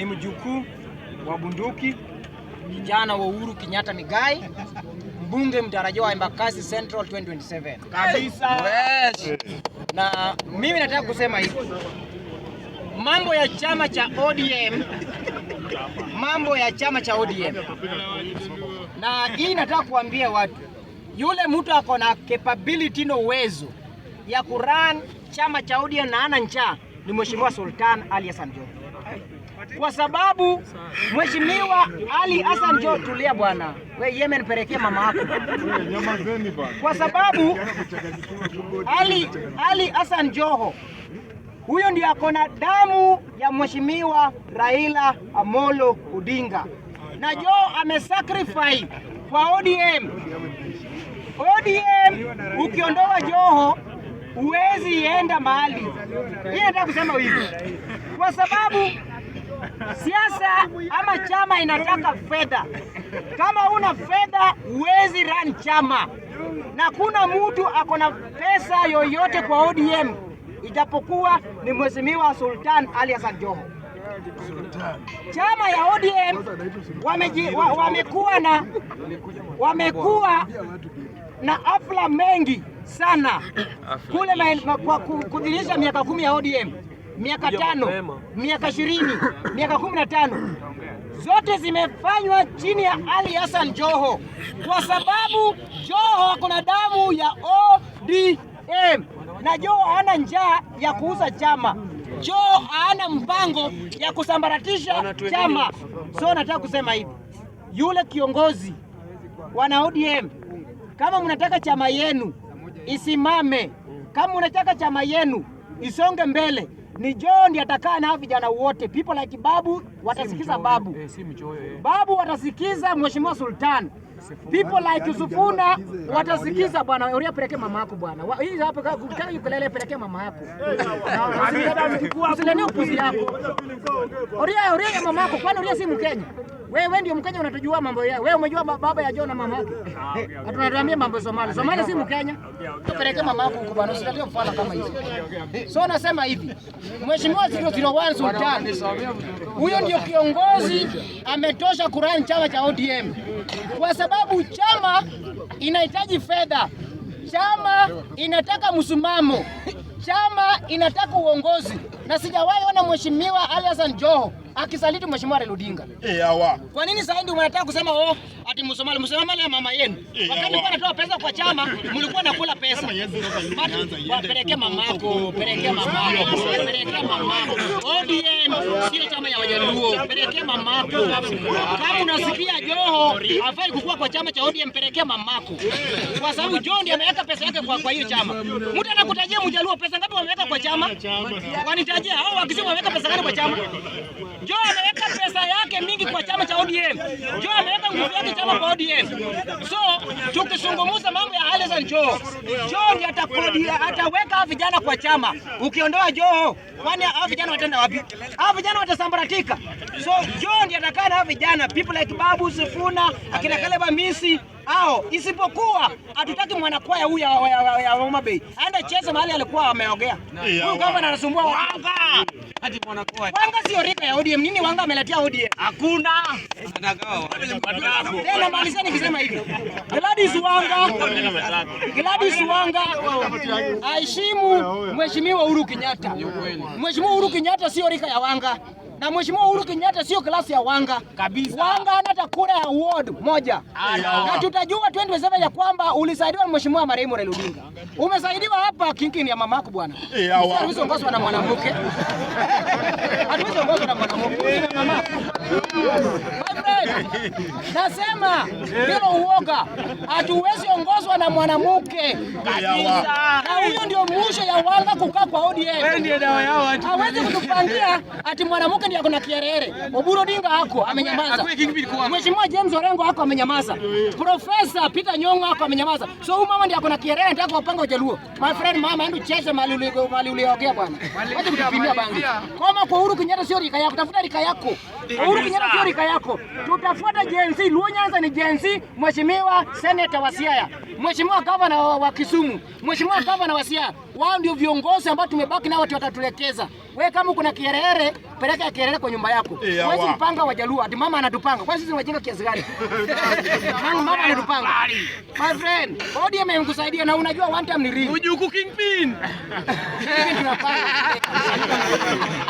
ni mjukuu wa bunduki kijana wa Uhuru Kenyatta Migai, mbunge mtarajiwa wa Embakasi Central 2027 kabisa. Yes. Na mimi nataka kusema hivi, mambo ya chama cha ODM, mambo ya chama cha ODM, na hii nataka kuambia watu, yule mtu ako na capability na uwezo ya kuran chama cha ODM na ana njaa ni Mheshimiwa Sultan Ali Hassan Joho kwa sababu Mheshimiwa Ali Hassan Jo, tulia bwana, we Yemen, pelekea mama yako, kwa sababu Ali Ali Hassan Joho huyo ndio akona damu ya Mheshimiwa Raila Amolo Odinga, na Jo amesacrifice kwa ODM. ODM ukiondoa Joho huwezi enda mahali. Hii nataka kusema hivi kwa sababu Siasa ama chama inataka fedha. Kama una fedha huwezi run chama, na kuna mtu ako na pesa yoyote kwa ODM ijapokuwa ni mheshimiwa Sultan Ali Hassan Joho. Chama ya ODM wamekuwa wa, wamekuwa na wamekuwa na afla mengi sana kule kudhihirisha miaka kumi ya ODM miaka tano, miaka ishirini, miaka kumi na tano, zote zimefanywa chini ya Ali Hassan Joho, kwa sababu Joho kuna damu ya ODM na Joho hana njaa ya kuuza chama. Joho hana mpango ya kusambaratisha chama. So nataka kusema hivi, yule kiongozi wana ODM, kama mnataka chama yenu isimame, kama mnataka chama yenu isonge mbele ni John atakaa na vijana wote, people like Babu watasikiza Babu, eh, eh. Babu watasikiza Mheshimiwa Sultan people like Sifuna watasikiza bwana. Uria peleke mama yako bwana, hii hapo kama ukulele, peleke mama yako, usilenie upuzi yako. Uria uria ya mama yako, kwani uria si Mkenya? Wewe wewe ndio Mkenya, unatujua mambo yao. Wewe umejua baba ya John na mama yake, atunatuambia mambo ya Somalia. Somalia si Mkenya, peleke mama yako huko bwana, usilalie mfala kama hizo. So nasema hivi, Mheshimiwa 001 Sultan huyo ndio kiongozi ametosha kurani chama cha ODM kwa sababu sababu chama inahitaji fedha, chama inataka msimamo, chama inataka uongozi, na sijawahi ona mheshimiwa Ali Hassan Joho akisaliti mheshimiwa Raila Odinga. Eh, hawa. Kwa nini sasa ndio mnataka kusema oh ati Msomali Msomali ya mama yenu? Eh, Wakati mko natoa pesa kwa chama, mlikuwa nakula pesa. Wapelekea mamako, pelekea mamako, pelekea mamako. ODM sio chama ya Wajaluo, pelekea mamako. Kama unasikia Roho hafai kukua kwa chama cha ODM, pelekea mamako, kwa sababu John ndiye ameweka pesa yake kwa kwa hiyo chama. Mtu anakutajia mjaluo pesa ngapi wameweka kwa chama? Wanitajia hao wakisema wameweka pesa gani kwa chama? John ameweka pesa yake mingi kwa chama cha ODM. John ameweka nguvu yake chama kwa ODM. So tukizungumza Joho. Joho atakodia, ataweka vijana kwa chama. Ukiondoa Joho, kwani hao vijana wataenda wapi? Hao vijana watasambaratika. So Joho ndiye atakaa na hao vijana, people like Babu Sifuna, akina Kaleba Misi hao, isipokuwa hatutaki mwanakwaya huyu ya Homa Bay aende cheze mahali alikuwa ameogea. Huyu gavana anasumbua wanga. Ati bwana kwa. Wanga sio rika ya ODM. Nini Wanga ameletea ODM? Hakuna. Tena malizeni kusema hivyo. Gladys Wanga. Gladys Wanga. Aheshimu Mheshimiwa Uhuru Kenyatta. Mheshimiwa Uhuru Kenyatta sio rika ya Wanga na Mheshimiwa Uhuru Kenyatta sio klasi ya wanga kabisa. Wanga hata kura ya ward moja, na tutajua 27 ya kwamba ulisaidiwa na Mheshimiwa marehemu Raila Odinga, umesaidiwa hapa kinkin ya mamako bwana, eh, hatuwezi ongozwa na mwanamke, hatuwezi ongozwa na mwanamke na mamako Nasema bila uoga, hatuwezi ongozwa na mwanamke na huyo ndio mwisho wala kukaa kwa ODM. Wewe ndiye dawa yao ati. Hawezi kutupangia ati mwanamke ndiye akona kierere. Oburu Odinga hako amenyamaza. Mheshimiwa James Orengo hako amenyamaza. Profesa Peter Nyong'o hako amenyamaza. So huyu mama ndiye akona kierere ndio wapanga Wajaluo. My friend mama endu cheze mali mali uliogea bwana. Wacha kutupimia bangi. Koma kwa Uhuru Kenyatta sio rika yako, tafuta rika yako. Uhuru Kenyatta sio rika yako. Tutafuta Gen Z. Luo Nyanza ni Gen Z, Mheshimiwa Senator wa Siaya. Mheshimiwa Governor wa Kisumu. Mheshimiwa Governor wa Siaya. Wao ndio ndio viongozi ambao tumebaki nao watatuelekeza. Wewe kama kuna kiherehere, peleka kiherehere kwa nyumba yako. Eh, Huwezi mpanga Jaluo, ati mama anatupanga. Kwa sisi wajinga kiasi gani? Mama anatupanga. My friend, bodi imekusaidia na unajua one time ni ring. Ujuku kingpin. Tunapanga.